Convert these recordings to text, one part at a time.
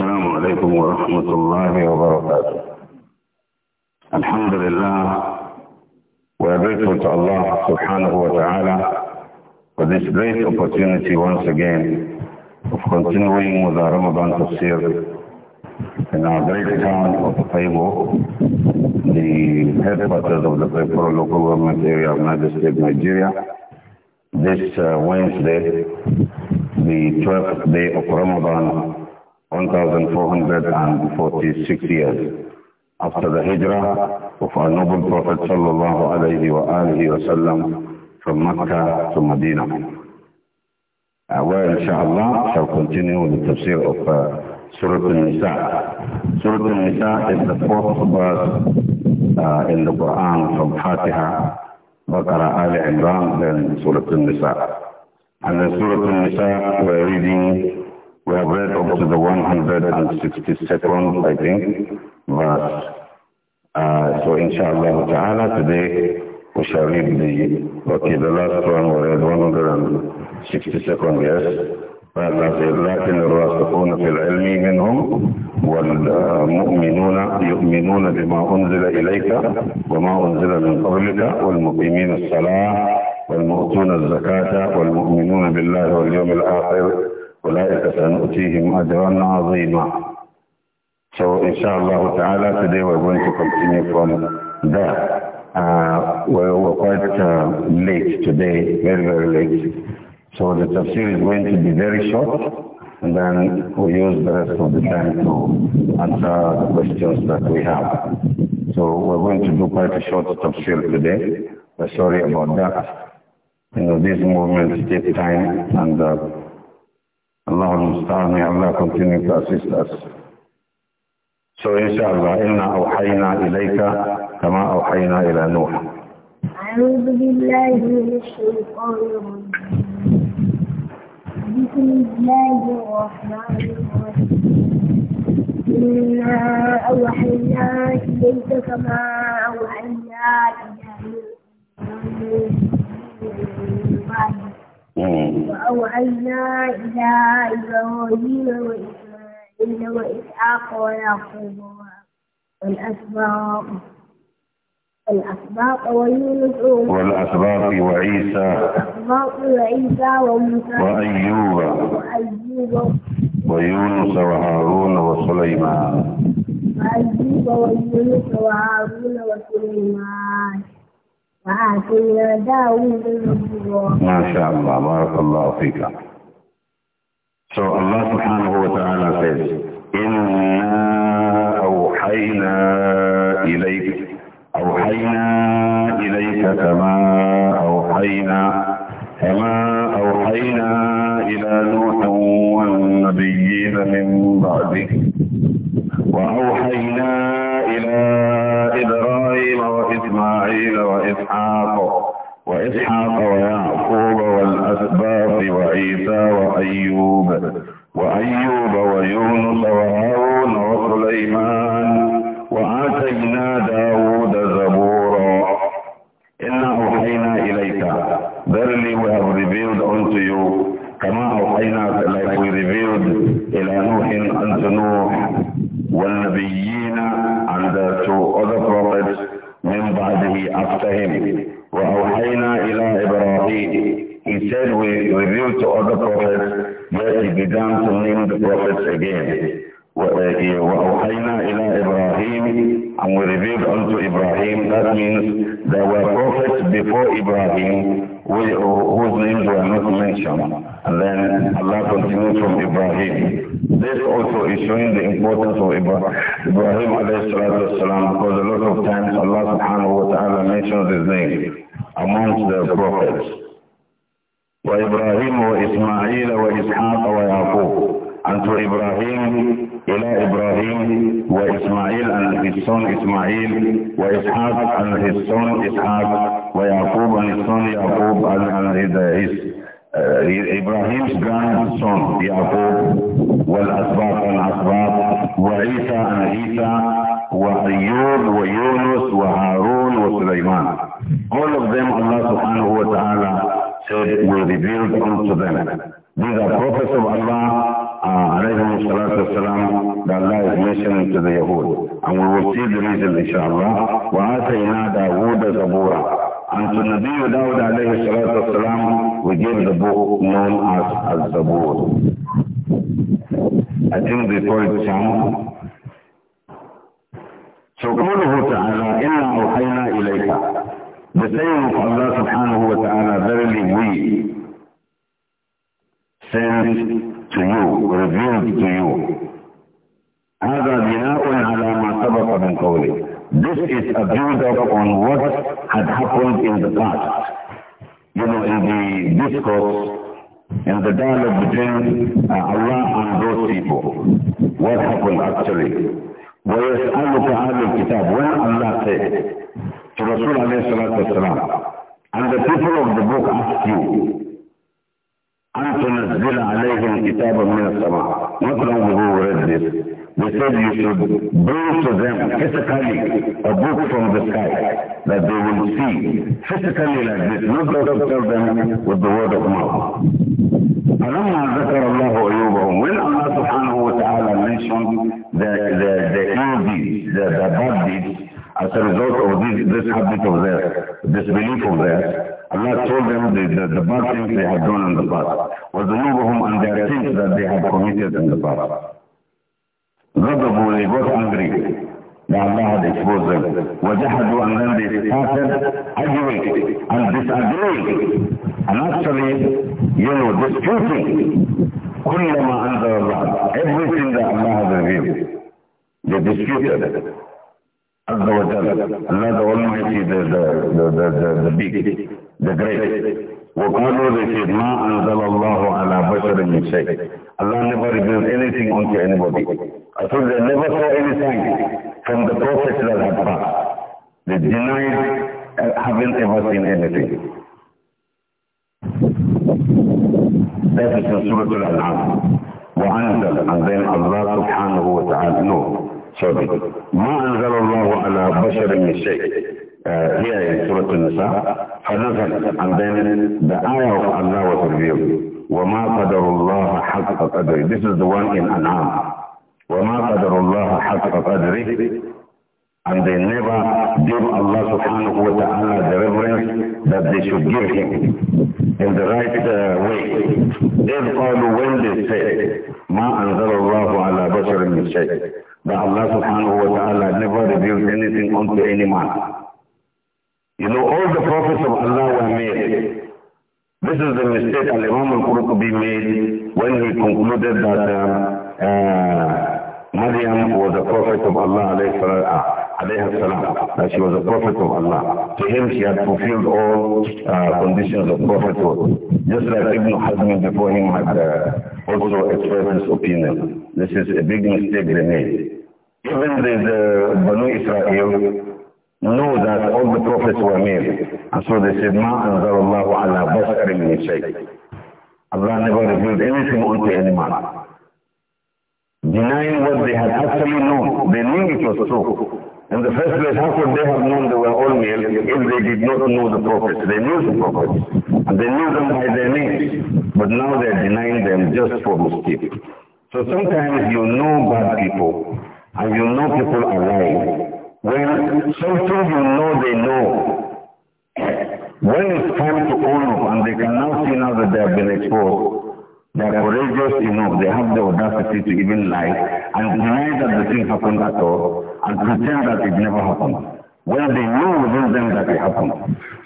السلام عليكم ورحمة الله وبركاته. Alhamdulillah, we are grateful to Allah subhanahu wa ta'ala for this great opportunity once again of continuing with our Ramadan tafsir in our great town of Faibo, the headquarters of the Faibo local government area of United States, Nigeria. This uh, Wednesday, the 12th day of Ramadan, 1,446 years after the hijrah of our noble Prophet sallallahu alayhi wa alihi wasallam from Mecca to Medina. Uh, where inshallah shall continue the tafsir of uh, Surah Al-Nisa. Surah Al-Nisa is the fourth verse uh, in the Quran from Fatiha, Baqarah, Ali Imran, then Surah Al-Nisa. And the Surah Al-Nisa we're reading We have read up to the 162nd, I think, verse. Uh, so inshallah ta'ala, today we shall read the, okay, the last one, we read 162nd, yes. لكن الراسخون في العلم منهم والمؤمنون يؤمنون بما أنزل إليك وما أنزل من قبلك والمقيمين الصلاة والمؤتون الزكاة والمؤمنون بالله واليوم الآخر أولئك سنؤتيهم أجرا عظيما So inshallah ta'ala today we're going to continue from there. Uh, we're, quite uh, late today, very, very late. So the tafsir is going to be very short and then we use the rest of the time to answer the questions that we have. So we're going to do quite a short tafsir today. We're sorry about that. You know, this movements take time and uh, Allah al-Musta'an, may Allah continue to assist us. So inshallah, inna awhayna ilayka kama awhayna ila Nuh. أعوذ بالله من الشيطان الرجيم بسم الله الرحمن الرحيم إنا أوحينا إليك كما أوحينا إلى نوح من بعد وأوحينا إلى إبراهيم وإسماعيل وإسحاق ويعقوب والأسباط الأسباط ويونس والأسباط وعيسى والأسباط وعيسى وموسى وأيوب وأيوب ويونس وهارون وسليمان وأيوب ويونس وهارون وسليمان ما شاء الله بارك الله فيك So Allah سبحانه وتعالى says, إِنَّا أَوْحَيْنَا إِلَيْكَ أَوْحَيْنَا إِلَيْكَ كَمَا أَوْحَيْنَا كَمَا أَوْحَيْنَا إِلَى نُوحٍ وَالنَّبِيِّينَ مِن بَعْدِهِ وَأَوْحَيْنَا الحال وإسحاق and his إسحاق ويعقوب and his يعقوب Yaqub and, and his, uh, Ibrahim's grandson Yaqub والأسباط and أسباط وعيسى and عيسى وأيوب ويونس وهارون وسليمان all of them Allah subhanahu wa ta'ala said will be built unto them these are prophets of Allah عليهم الصلاة والسلام da Allah is mentioning to the Yahud. And we will see the reason inshallah. وَآتَيْنَا دَاوُودَ زَبُورًا And to Nabi Dawud alayhi salatu wasalam, we gave the book known as Al-Zabur. I think before it sang, so قوله تعالى إنا أوحينا إليك The saying of Allah subhanahu wa ta'ala, verily we sent to you, revealed to you. هذا بناء على ما سبق من قوله. This is a build-up on what had happened in the past. You know, in the discourse and the dialogue between uh, Allah and those people. What happened actually? وَيَسْأَلُكَ أَهْلُ الْكِتَابِ When Allah said to Rasul alayhi salatu wasalam, and the people of the book asked you, أن تنزل عليهم كتابا من السماء مثلا who read this they said you should bring to them physically a book from the sky that they will see physically like this not just tell them with the word of mouth فلما ذكر الله عيوبهم when Allah subhanahu wa ta'ala mentioned the, the, the the, the bad deeds as a result of this, this habit of theirs this belief of theirs Allah told them the, the, the bad things they had done in the past. وَذُنُوبُهُمْ and their sins that they had committed in the past. They got angry. Allah had exposed them. وَجَحَدُوا And then they started arguing and disagreeing. And actually, you know, disputing. كُلَّمَا أَنْزَلَ اللَّهُ Everything that Allah has revealed. They disputed it. Allah the Almighty, the, the, the, the, the, the big. the great. وقالوا they ما أنزل الله على بشر من شيء. Allah never revealed anything unto anybody. I told they never saw anything from the prophets that had passed. They denied having ever seen anything. That is in Surah Al-An'am. وأنزل and then Allah سبحانه وتعالى no sorry ما أنزل الله على بشر من شيء uh, here in Surah Al-Nisa فنزل and then the ayah of Allah was revealed وما قدر الله حق قدره this is the one in Anam وما قدر الله حق قدره and they never give Allah subhanahu wa ta'ala the reverence that they should give him in the right uh, way. Then قالوا when they say, ما أنزل الله على بشر من شيء, that Allah subhanahu wa ta'ala never reveals anything unto any man. You know, all the prophets of Allah were made. This is the mistake Al-Imam Al-Qurtubi made when he concluded that uh, uh, Maryam was a prophet of Allah alayhi salam, uh, that she was a prophet of Allah. To him she had fulfilled all uh, conditions of prophethood. Just like Ibn Hazm before him had uh, also expressed his opinion. This is a big mistake they made. Even the, the Banu Israel, know that all the prophets were male. And so they said, Ma anzalallahu ala basharim min shay. Allah never revealed anything unto any man. Denying what they had actually known. They knew it was true. In the first place, how could they have known they were all male if they did not know the prophets? They knew the prophets. And they knew them by their names. But now they're denying them just for mischief. So sometimes you know bad people and you know people are lying. When something you know they know, when it's comes to honor and they can now see now that they have been exposed, they are courageous enough, they have the audacity to even lie and deny that the thing happened at all and pretend that it never happened. When they know within them that it happened.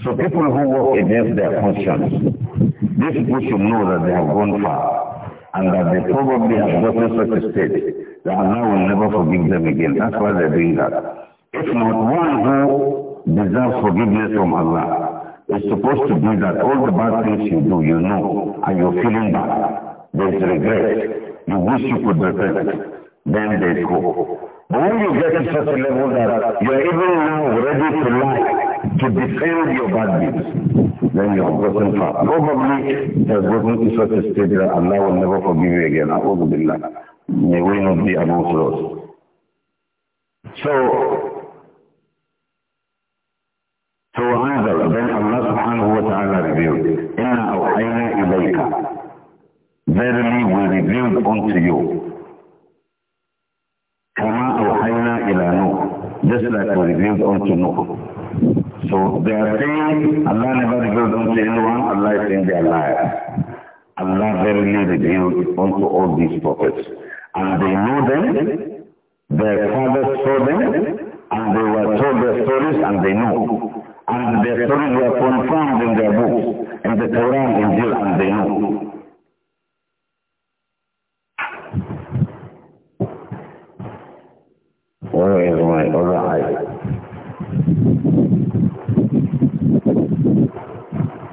So people who work against their conscience, these people should know that they have gone far and that they probably have gotten such a state that Allah will never forgive them again. That's why they're doing that. If not, one who deserves forgiveness from Allah is supposed to be that all the bad things you do, you know, and you're feeling bad. There's regret. You wish you could repent then they go. But when you get to such a level that you are even now ready to lie, to defend your bad deeds, then you have gotten far. Probably you have gotten to such a state that Allah will never forgive you again. May we not be amongst those. So, verily we revealed unto you. Kama Ohayna ila just like we revealed unto Nuh. So they are saying Allah never revealed unto anyone, Allah is saying they are liars. Allah verily revealed unto all these prophets. And they know them, their fathers saw them, and they were told their stories and they know. And their stories were confirmed in their books, in the Quran, in Injil, and they know. my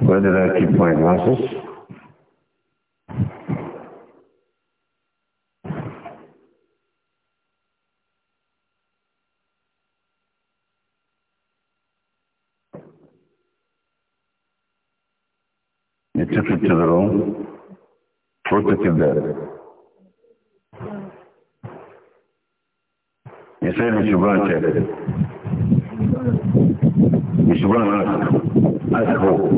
Where did I keep my glasses? You took it to the room, put it in there. Instead, you should run to it. You should run ask. Ask who?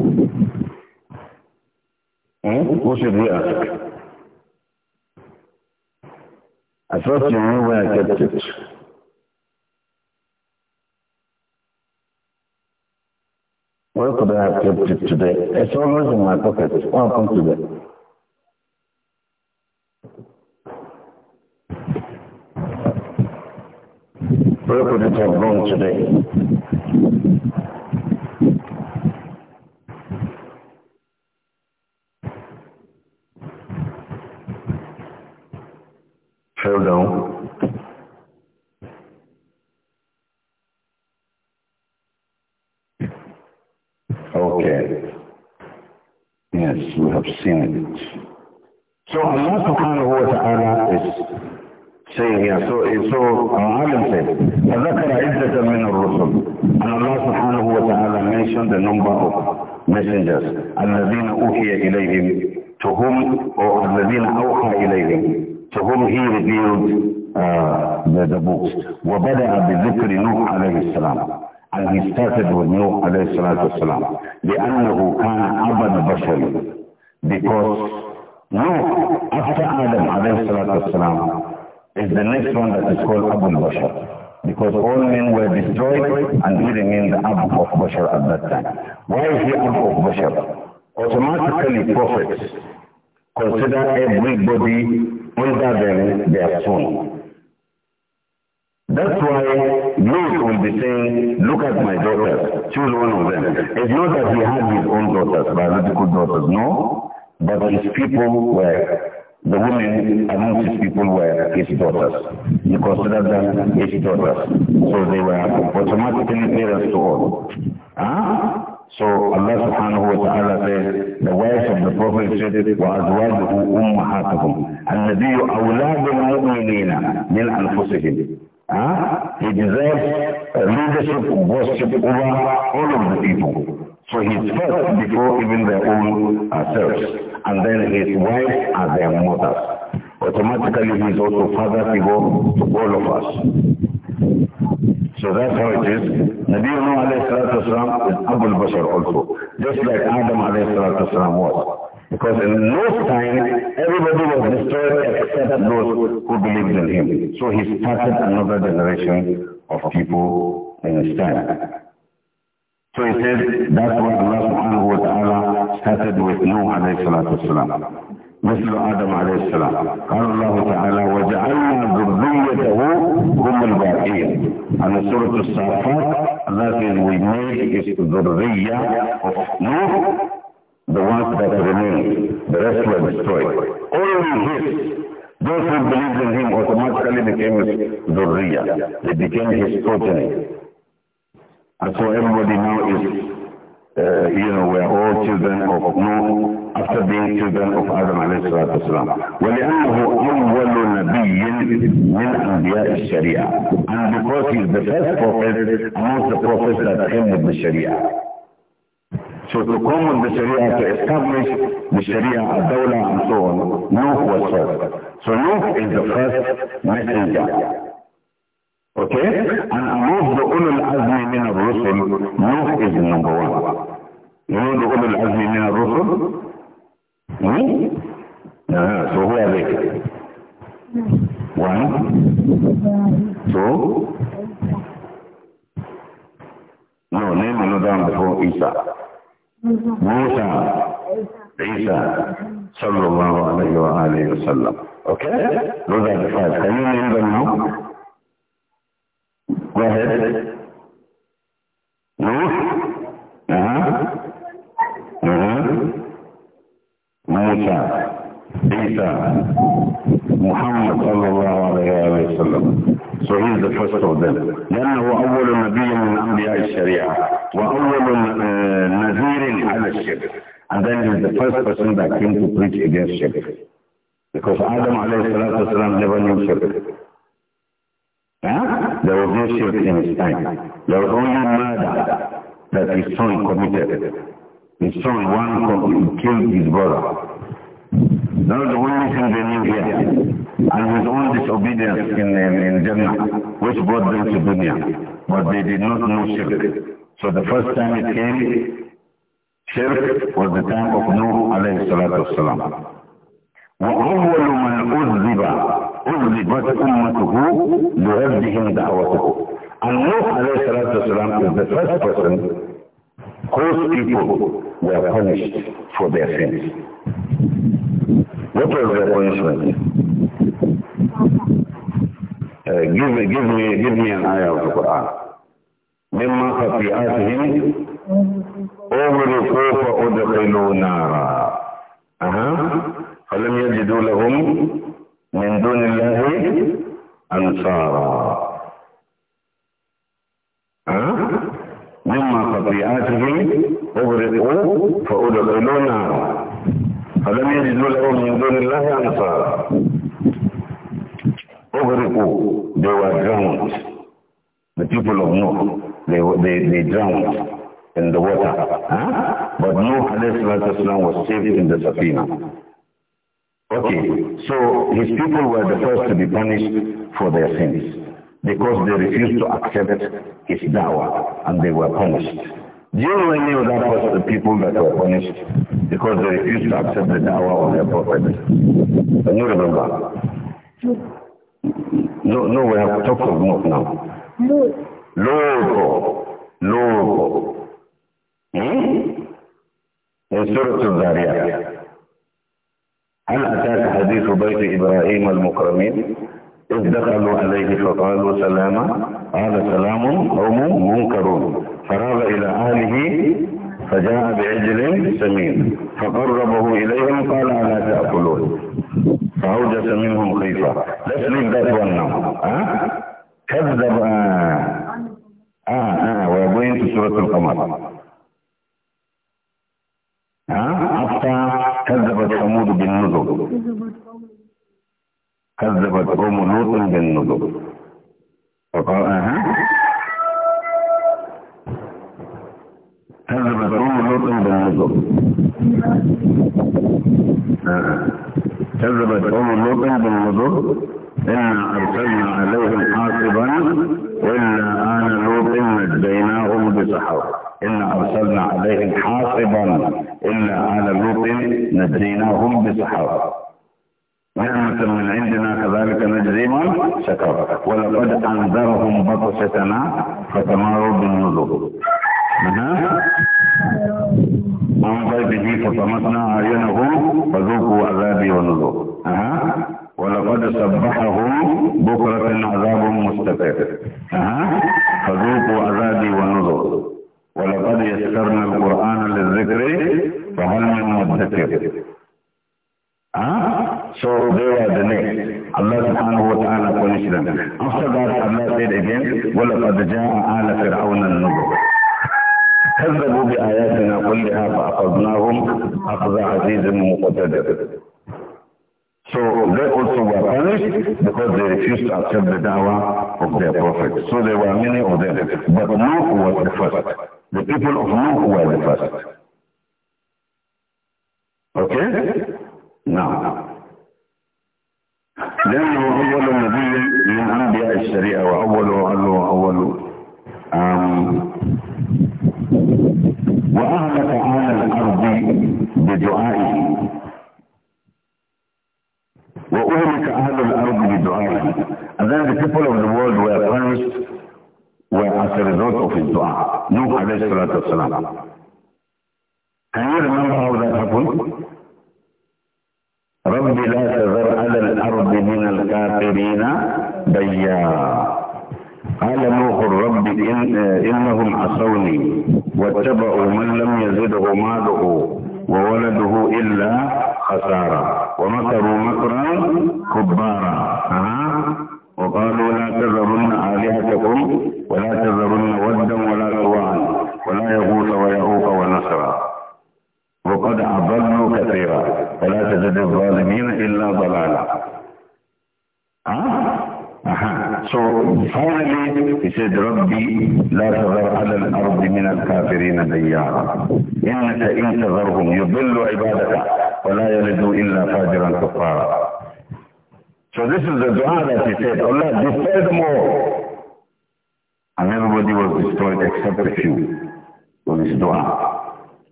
Hmm? Who should we ask? I thought you knew where I kept it. Where could I have kept it today? It's always in my pocket. What come today? where could it have today? Hold on. Okay. Yes, we have seen it. So Allah subhanahu wa ta'ala is شيء يسوء يسوء عالم سيد فذكر عدة من الرسل أن الله سبحانه وتعالى mentioned the number of messengers الذين أوحي إليهم to whom or الذين أوحى إليهم to whom he revealed uh, the, the books وبدأ بذكر نوح عليه السلام and he started with نوح عليه الصلاة والسلام لأنه كان أبا البشر because نوح after Adam عليه الصلاة والسلام is the next one that is called Abu al-Bashar because all men were destroyed and he remained the Abu of Bashar at that time. Why is he Abu of Bashar? Automatically prophets consider everybody under them their son. That's why Lot will be saying, look at my daughters, choose one of them. It's not that he had his own daughters, biological daughters, no. But his people were the women among these people were his daughters. He considered them his daughters. So they were automatically parents to all. Huh? So Allah subhanahu wa ta'ala says, the wives of the Prophet said, وَأَزْوَاجُهُ أُمَّهَاتُهُمْ الَّذِي أَوْلَادُ الْمُؤْمِنِينَ مِنْ أَنفُسِهِمْ huh? He deserves leadership, worship over all of the people. So he's first before even their own uh, selves and then his wife as their mothers. Automatically he is also father figure to all of us. So that's how it is. Nabi Muhammad is Abu al-Bashar also, just like Adam was. Because in those time, everybody was destroyed except those who believed in him. So he started another generation of people in his time. So he said, that's what Allah subhanahu wa ta'ala حسد with عليه الصلاة والسلام مثل آدم عليه السلام قال الله تعالى وجعلنا ذريته هم الباقية على سورة الصافات التي we made is ذرية of Noah the ones that remain the rest were destroyed only his those who believed in him automatically became his ذرية they became his progeny and so everybody now is uh, you know, were all children of Noah after being children of Adam alayhi salatu wasalam. وَلِأَنَّهُ أَوَّلُ نَبِيٍّ مِنْ أَنْبِيَاءِ الشَّرِيعَةِ And because he is the first prophet amongst the prophets that came with the Sharia. So to come with the Sharia, to establish the Sharia, a dawla and so on, Noah was first. So Noah is the first messenger. Okay? And among the Ulul Azmi min al-Rusul, Nuh is number one. You know the Ulul Azmi min al-Rusul? Hmm? Uh -huh. So who are they? One. Two. No, name another one before Isa. Musa. Isa. Sallallahu alayhi wa alayhi wa sallam. Okay? Those are the five. Can you name them now? Go ahead. No? Uh-huh. Uh-huh. Musa. Isa. Muhammad sallallahu alayhi wa sallam. So he's the first of them. لأنه أول نبي من أنبياء الشريعة وأول نذير على الشرك. And then he's the first person that came to preach against shirk. Because Adam alayhi salatu wasalam never knew shirk. Huh? There was no shirk in his time. There was only murder that his son committed. His son one killed his brother. That was the only thing they knew here. And his own disobedience in, in, in Jannah, which brought them to dunya. But they did not know shirk. So the first time it came, shirk was the time of Nuh alayhi salatu wasalam. وَأَوَّلُ مَنْ أُذِّبَ أذلبت أمته لربهم دعوته And Nuh alayhi salatu wasalam is the first person whose people were punished for their sins. What was their punishment? Uh, give me, give me, give me an ayah of the Quran. مما خطيئاتهم أغرقوا فأدخلوا نارا أها فلم يجدوا لهم من دون الله أنصارا أه؟ مما خطيئاته أغرقوا فأدخلوا نارا فلم يجدوا له من دون الله أنصارا أغرقوا they were drowned the people of Noah they, they, they drowned in the water huh? but Noah was saved in the Safina Okay, so his people were the first to be punished for their sins because they refused to accept his dawah and they were punished. Do you know any other was the people that were punished because they refused to accept the dawah of their prophet? Can you remember? No, no, we have talked of Nuh now. Logo, logo. Hmm? In Surah Zariyat. هل أتاك حديث بيت إبراهيم المكرمين إذ دخلوا عليه فقالوا سلاما قال سلام قوم منكرون فراغ إلى أهله فجاء بعجل سمين فقربه إليهم قال ألا تأكلون فأوجس منهم خيفة Let's leave that كذب آه. آه. آه. We're في سورة القمر كذبت ثمود بالنذر كذبت قوم لوط بالنذر فقال أها كذبت قوم لوط بالنذر كذبت قوم لوط بالنذر إنا أرسلنا عليهم حاصبا إلا آل لوط فسحوا إنا أرسلنا عليهم حاصبا إلا آل لوط نجيناهم بسحر نعمة من عندنا كذلك نجزي من شكر ولقد أنذرهم بطشتنا فتماروا بالنذر عن به فطمسنا أعينهم فذوقوا عذابي ونذر أه. ولقد سبحه بكرة عذاب مستقر فذوقوا عذابي ونذر ولقد يسرنا القرآن للذكر فهل من مدكر Huh? So they are the next. Allah subhanahu wa ta'ala punished them. After that, Allah said again, وَلَقَدْ جَاءَ آلَ فِرْعَوْنَ النُّذُرُ كذبوا بآياتنا كلها فأخذناهم أخذ عزيز مقتدر So they also were punished because they refused to accept the dawah of their prophet. So there were many of them. But Nuh was the first. The people of Nuh were the first. Okay? Now. لأنه أول نبي من أنبياء الشريعة وأول وأول وأول aleyhi salatu wa salam.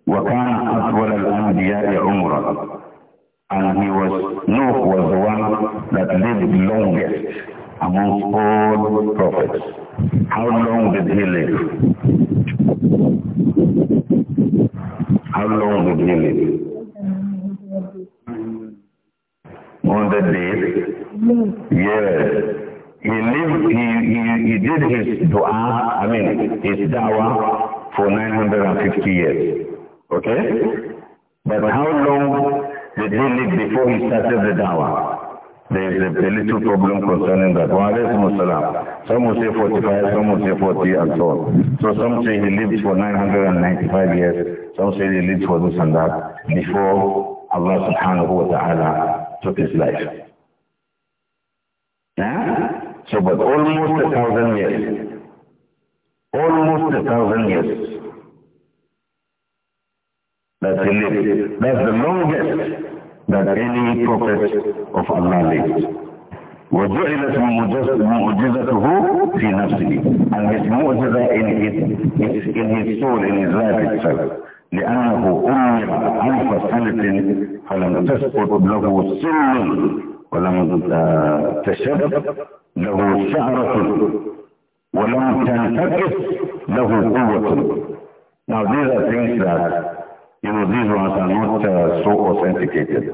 وكان أطول الأنبياء عمرا and he was Nuh was the one that lived longest amongst all prophets. How long did he live? How long did he live? On the day? Yes. He lived, he, he, he did his dua, I mean his dawah for 950 years. Okay? But how long did he live before he started the dawah? There is a, a little problem concerning that. Some will say 45, some will say 40 and so on. So some say he lived for 995 years, some say he lived for this and that before Allah subhanahu wa ta'ala took his life. Yeah? So but almost a thousand years. almost a thousand years. That he lived. That's the longest that any prophet of Allah lived. وجعلت معجزته في نفسه and his معجزة in his, in his soul in his life itself لأنه أمر ألف سنة فلم تسقط له سن ولم تشب له شعرة ولم تنتقص له قوة. Now these are things that, you know, these ones are not uh, so authenticated.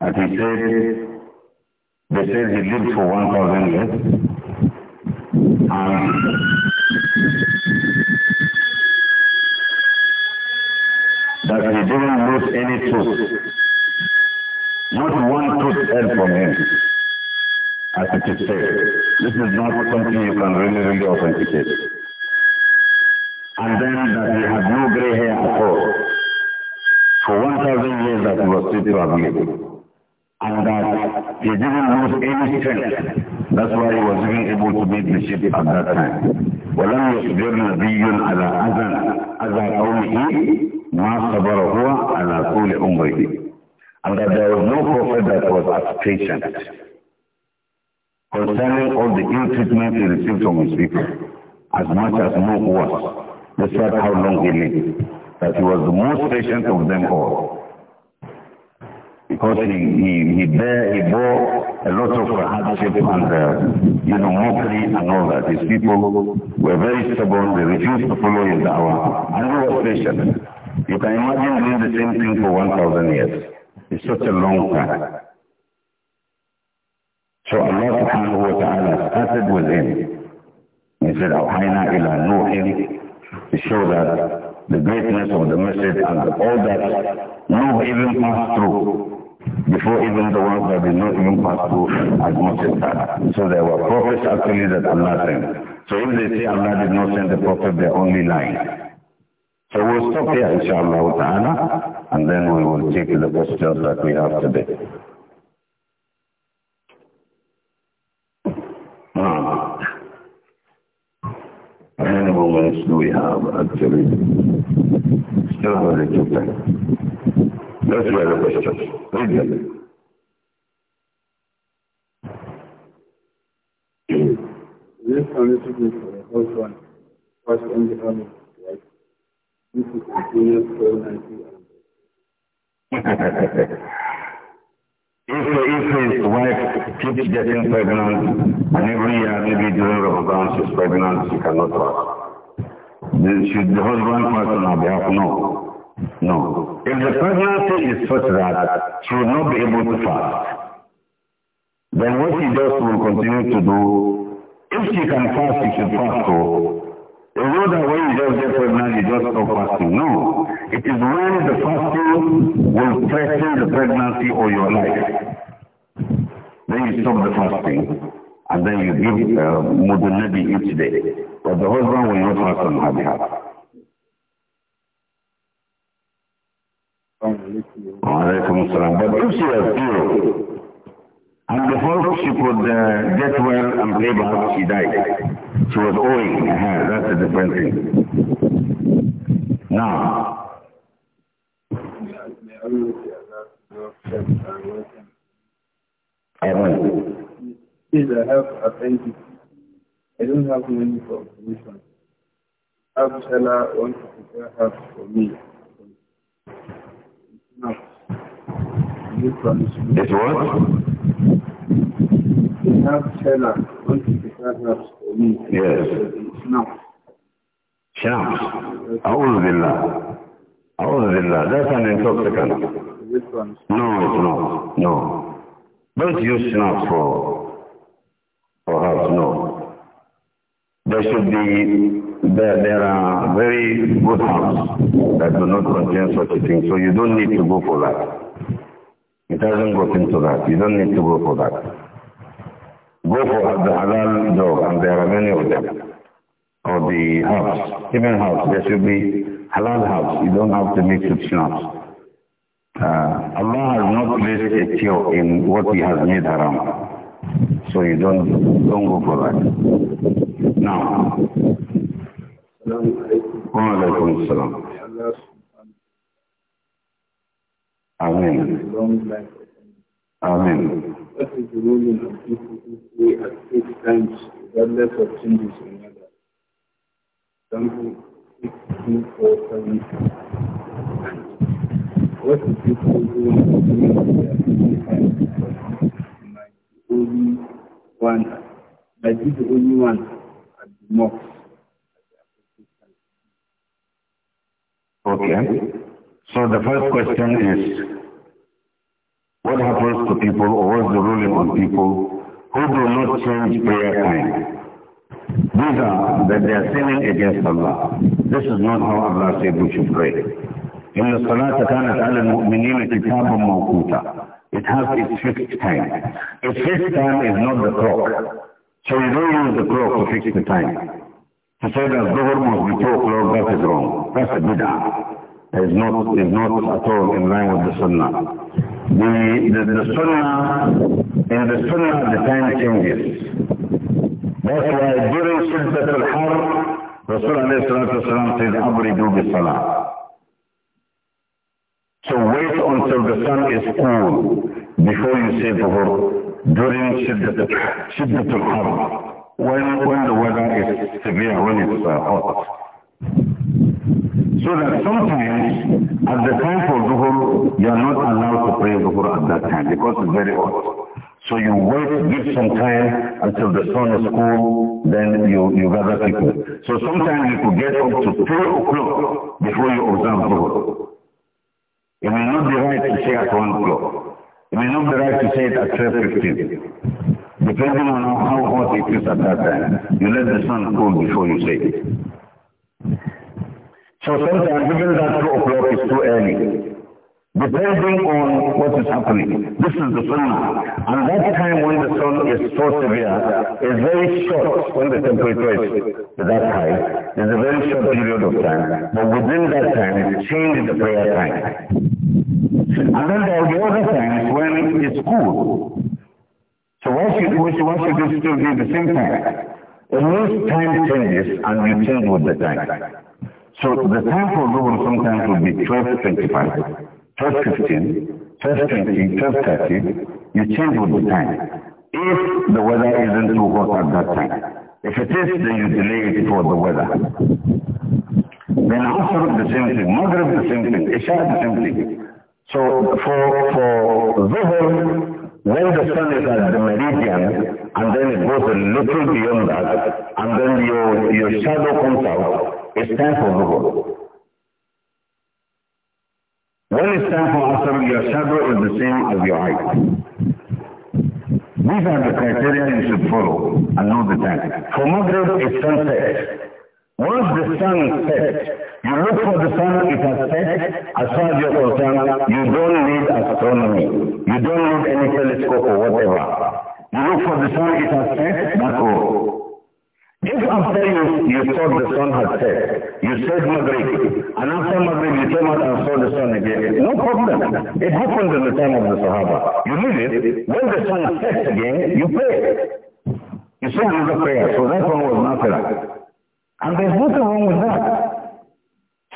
And he said, they said he lived for one thousand years. And that he didn't lose any truth. Not one truth held from him. as it is said, this is not something you can really, really authenticate. And then that he had no gray hair at all. For 1,000 years that he was still traveling. And that he didn't lose any strength. That's why he was even able to make the ship at that time. ولم يصبر نبي على أذى أذى قومه ما صبر هو على طول عمره. And that there was no prophet that was as patient concerning all the ill treatment he received from his people, as much as no was. They said how long he lived, that he was the most patient of them all. Because he, he, he, bear, he bore a lot of hardship and, uh, you know, mockery and all that. His people were very stubborn. They refused to follow his hour. And he was patient. You can imagine doing the same thing for 1,000 years. It's such a long time. So Allah subhanahu wa ta'ala started with him. He said, Awhayna ila Nuhin, to show that the greatness of the message and all that Nuh even passed through before even the ones that did not even pass through as much as that. So there were prophets actually that Allah sent. So if they say Allah did not send the prophet, they're only lying. So we'll stop here, inshallah ta'ala, and then we will take the questions that we have today. And how moments do we have actually? Still have a little time. That's where the question. Really. This understanding for the husband, first on the arm right. this is continuous ninety and Keeps getting pregnant, and every year, maybe during Ramadan, she's pregnant, she cannot fast. Should the husband fast on her behalf? No. No. If the pregnancy is such that she will not be able to fast, then what she does will continue to do. If she can fast, she should fast too. It's not that when you just get pregnant, you just stop fasting. No. It is when the fasting will threaten the pregnancy or your life you stop the fasting, and then you give uh, Mudunabi each day. But the husband will not fast on her behalf. But if she was ill, and before she could uh, get well and play back, she died. She was owing her. That's a different thing. Now, at all. Please, I have offended. I don't have money for permission. Absala wants to prepare house for me. No. You promise me. It's what? wants to prepare house for me. Yes. It's Shams. أعوذ That's an intoxicant. No, it's not. No. Don't use snuff for, for her, no. There should be, there, there are very good houses that do not contain such a thing, so you don't need to go for that. It hasn't got into that. You don't need to go for that go for the halal dog, and there are many of them. Or the house, even house, there should be halal house. You don't have to mix with schnapps concentrate a tear in what he has made haram. So you don't don't go for that. Now, Amen. Amen. What is the ruling of people who pray at times regardless of changes in weather? Example, six, two, four, seven what the people who only one, I did the only one at the mosque. Okay. So the first question is, what happens to people or what's the ruling on people who do not change prayer time? These are that they are sinning against Allah. This is not how Allah said we should pray. إن الصلاة كانت على المؤمنين كتابا موقوتا. It has its fixed time. Its fixed time is not the clock. So you don't use the clock to fix the time. To say that Dhuhr must be 2 o'clock, that is wrong. That's a bid'ah. It is not, is not at all in line with the sunnah. The, the, the sunnah, in the sunnah the time changes. That's why during Siddat al-Har, Rasulullah said, أَبْرِدُوا بِالصَّلَاةِ so wait until the sun is cool before you say Dhuhr during Shiddatul Harb. When, when the weather is severe, when it's uh, hot. So that sometimes at the time for Dhuhr, you are not allowed to pray Dhuhr at that time because it's very hot. So you wait, give some time until the sun is cool, then you, you gather people. So sometimes you could get up to 2 o'clock before you observe Dhuhr. It may not be right to say at 1 o'clock. It may not be right to say it at 12.15. Depending on how hot it is at that time, you let the sun cool before you say it. So sometimes even that 2 o'clock is too early depending on what is happening. This is the sunnah. And that time when the sun is so severe, is very short when the temperature is that high. It's a very short period of time. But within that time, it changes the prayer time. And then there are the other times when it's cool. So why should, why should, why should you still do the same time? The most time changes and you change with the time. So the time for Google sometimes will be 12 25. 12.15, first 12.30, you change all the time. If the weather isn't too hot at that time. If it is, then you delay it for the weather. Then Asr the same thing, Maghrib the same thing, Isha the same thing. So for, for Zuhur, when the sun is at the meridian, and then it goes a little beyond that, and then your, your shadow comes out, it's time for Zuhur. When it's time for Asr, your shadow is the same as your height. These are the criteria you should follow and know the time. For Maghrib, it's sunset. Once the sun sets, you look for the sun, it has set. As far as you're concerned, you don't need astronomy. You don't need any telescope or whatever. You look for the sun, it has set, that's all. If after you, you the sun had set, you said Maghrib, and after Maghrib you came out and saw the sun again, no problem. It happened in the time of the Sahaba. You leave it, when the sun sets again, you pray. You say another prayer, so that one was Nafila. And there's nothing wrong with that.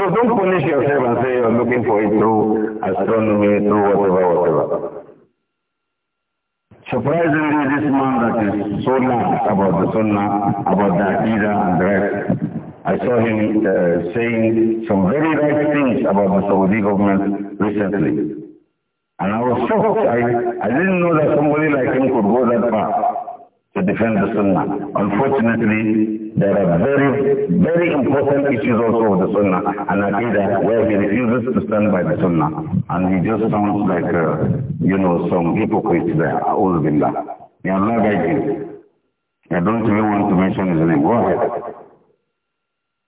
So don't punish yourself and say you're looking for it through astronomy, through whatever, whatever. Surprisingly, this man that is so lax about the sunnah, about the aqidah and the rest, I saw him uh, saying some very right things about the Saudi government recently. And I was shocked. I, I didn't know that somebody like him could go that far to defend the Sunnah. Unfortunately, there are very, very important issues also of the Sunnah and Aqidah where he refuses to stand by the Sunnah. And he just sounds like, uh, you know, some hypocrite there. A'udhu Billah. May Allah guide I don't even really want to mention his name. Go ahead.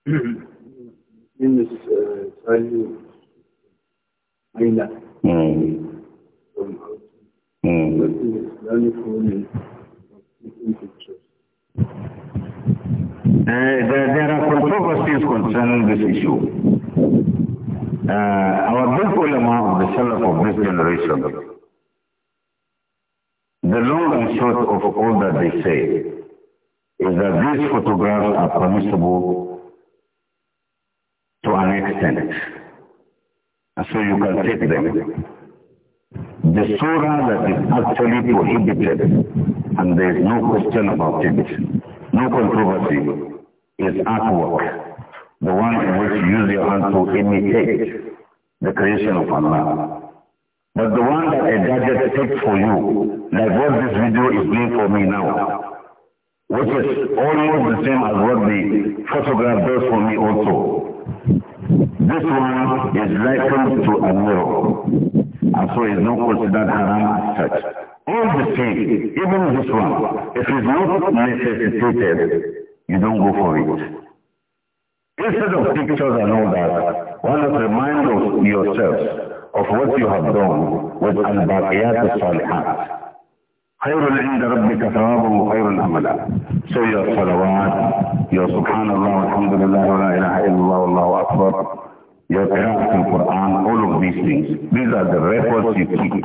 In this, uh, mm. Mm. Mm. Uh, there, there, are controversies concerning this issue. Uh, our big ulama of the Salaf of this generation, the long and short of all that they say is that these photographs are permissible to an extent. so you can take them the surah that is actually prohibited, and there is no question about it, no controversy, is artwork, the one in which you use your hand to imitate the creation of Allah. But the one that a gadget takes for you, like what this video is doing for me now, which is almost the same as what the photograph does for me also. This one is likened to a mirror and so it's not considered haram such. All the same, even this one, if it's not necessitated, you don't go for it. Instead of pictures and all that, one must remind yourself of what you have done with al-baqiyat al-salihat. خير عند ربك ثوابا وخير املا سوى الصلوات يا سبحان الله والحمد wa ولا اله الا الله والله اكبر your Qur'an, Quran, all of these things. These are the records you keep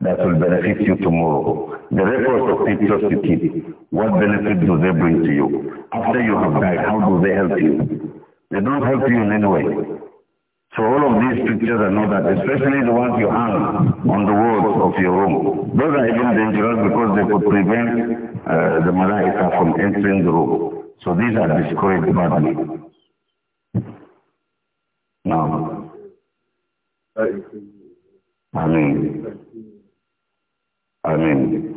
that will benefit you tomorrow. The records of pictures you keep, what benefit do they bring to you? After you have died, how do they help you? They don't help you in any way. So all of these pictures are not that, especially the ones you hang on the walls of your room, those are even dangerous because they could prevent uh, the malaika from entering the room. So these are discouraged badly. نعم آمين آمين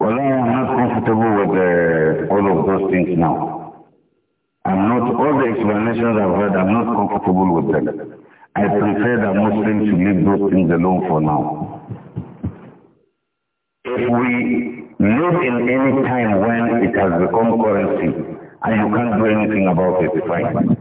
Well, I'm not comfortable with uh, all of those things now. I'm not, all the explanations I've heard, I'm not comfortable with them. I prefer that Muslims should leave those things alone for now. we live in any time when it has become currency and you can't do anything about it, fine.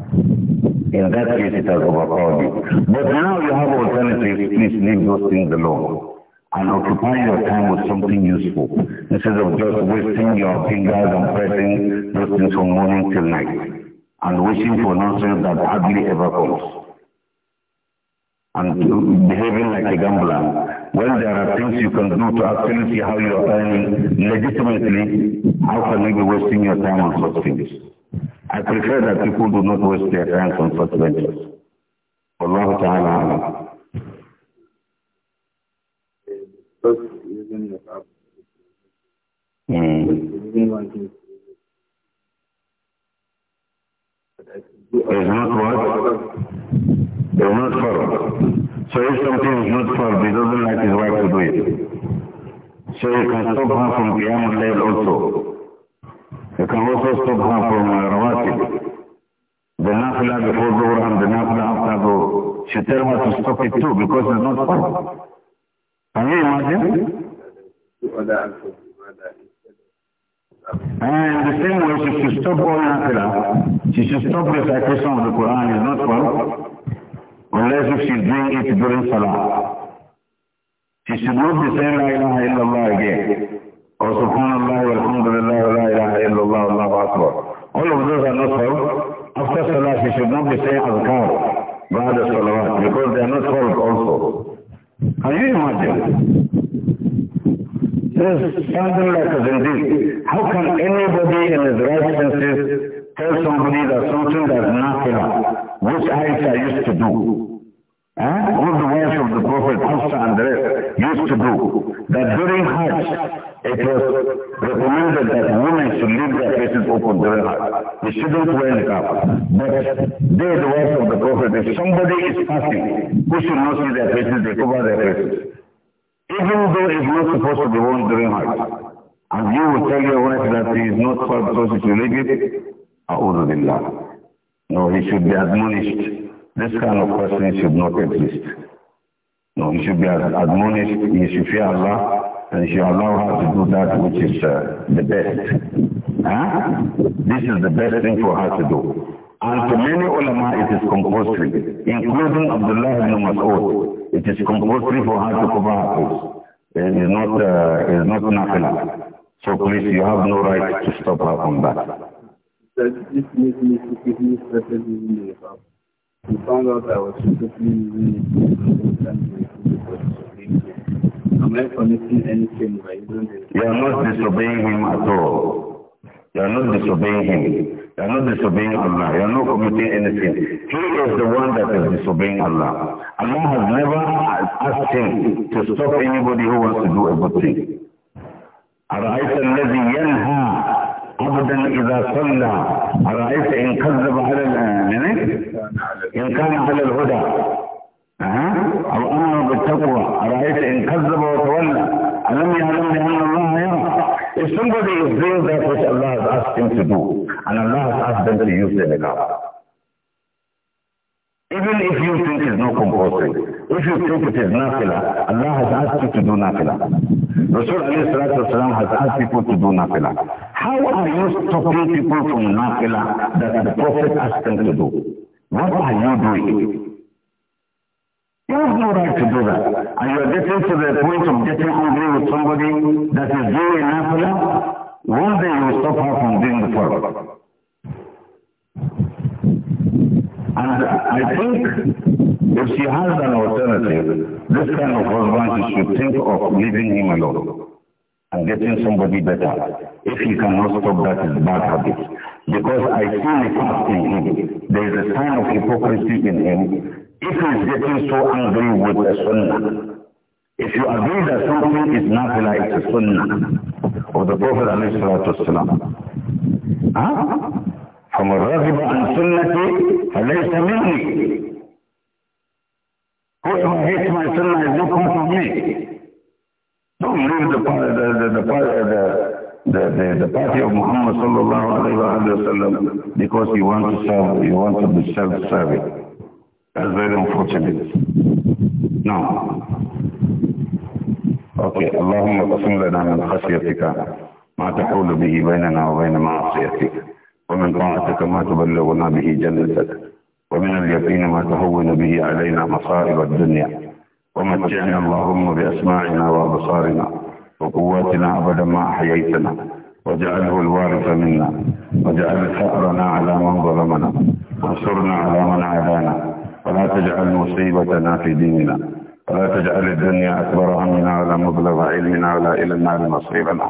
In that case, it has overpowered you. But now you have alternatives, please leave those things alone and occupy your time with something useful instead of just wasting your fingers and pressing those things from morning till night and wishing for nonsense that hardly ever comes and behaving like a gambler well, there are things you can do to actually see how you are earning legitimately. How can you be wasting your time on such things? I prefer that people do not waste their time on such ventures. Allah Ta'ala. Mm. It's not what? not for so if something is not for he doesn't like his wife to do it. So you can stop her from Qiyamul Layl also. You can also stop her from uh, Rawatib. The nafla before Dhuhr and the nafla after Dhuhr. She tell her to stop it too because it's not for. Can you imagine? And the same way she should stop all nafla. She should stop the recitation of the Quran. It's not for. Unless if she's doing it during Salah. She should not be saying La ilaha illallah again. Or Subhanallah, Alhamdulillah, La ilaha illallah, Allahu Akbar. All of those are not solved. After Salah, she should not be saying Azkar, Ba'ad Salawat, because they are not solved also. Can you imagine? This sounding like a zindiq. How can anybody in his right senses tell somebody that something that's not enough? which Aisha used to do. Eh? All the ways of the Prophet Hafsa and the rest used to do. That during Hajj, it was recommended that women should leave their faces open during Hajj. They shouldn't wear niqab. But they, the wives of the Prophet, if somebody is passing, who should not see their faces, they cover their faces. Even though it's not supposed to be worn during Hajj. And you will tell your wife that he is not so, so situated. A'udhu Billah. No, he should be admonished. This kind of person should not exist. No, he should be admonished. He should fear Allah and he should allow her to do that which is uh, the best. Huh? This is the best thing for her to do. And to many ulama, it is compulsory, including Abdullah ibn Mas'ud. It is compulsory for her to cover her face. It is not, uh, it is not nafila. So please, you have no right to stop her from that this the He found out I was secretly using it to him. Am I anything by using You are not disobeying him at all. You are not disobeying him. You are not disobeying Allah. You are not committing anything. He is the one that is disobeying Allah. Allah has never asked him to stop anybody who wants to do a good thing. عبدا إذا صلى رأيت إن كذب على إن كان على الهدى أه؟ أو أمر بالتقوى رأيت إن كذب وتولى ألم يعلم بأن الله يرى If somebody is doing that which Allah has asked him to do, and Allah has asked them to use their regard, Even if you think it's not compulsory, if you think it is nafila, Allah has asked you to do nafila. Rasul Wasallam has asked people to do nafila. How are you stopping people from nafila that the Prophet asked them to do? What are you doing? You have no right to do that. And you are getting to the point of getting angry with somebody that is doing nafila, one day you will stop her from doing the Torah. I think if she has an alternative, this kind of husband, she should think of leaving him alone and getting somebody better if he cannot stop that bad habit, Because I see nefast in him. There is a sign of hypocrisy in him. If he is getting so angry with the sunnah, if you agree that something is not like the sunnah of the Prophet ﷺ, huh? فمن راغب عن سنتي فليس مني هو ما يسمع السنة يزيكم فهمي Don't leave the, the, the, the, the, the, the party of Muhammad sallallahu alayhi wa sallam because you want to serve, you want to be self-serving. That's very unfortunate. No. Okay. اللهم قسم لنا من خشيتك ما تحول به بيننا وبين معصيتك ومن طاعتك ما تبلغنا به جنتك ومن اليقين ما تهون به علينا مصائب الدنيا ومتعنا اللهم بأسماعنا وأبصارنا وقواتنا أبدا ما أحييتنا واجعله الوارث منا واجعل ثأرنا على من ظلمنا وانصرنا على من عادانا ولا تجعل مصيبتنا في ديننا ولا تجعل الدنيا أكبر همنا ولا مبلغ علمنا ولا إلى النار مصيرنا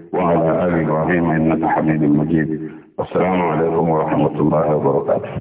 وعلى آل إبراهيم إنك حميد مجيد السلام عليكم ورحمة الله وبركاته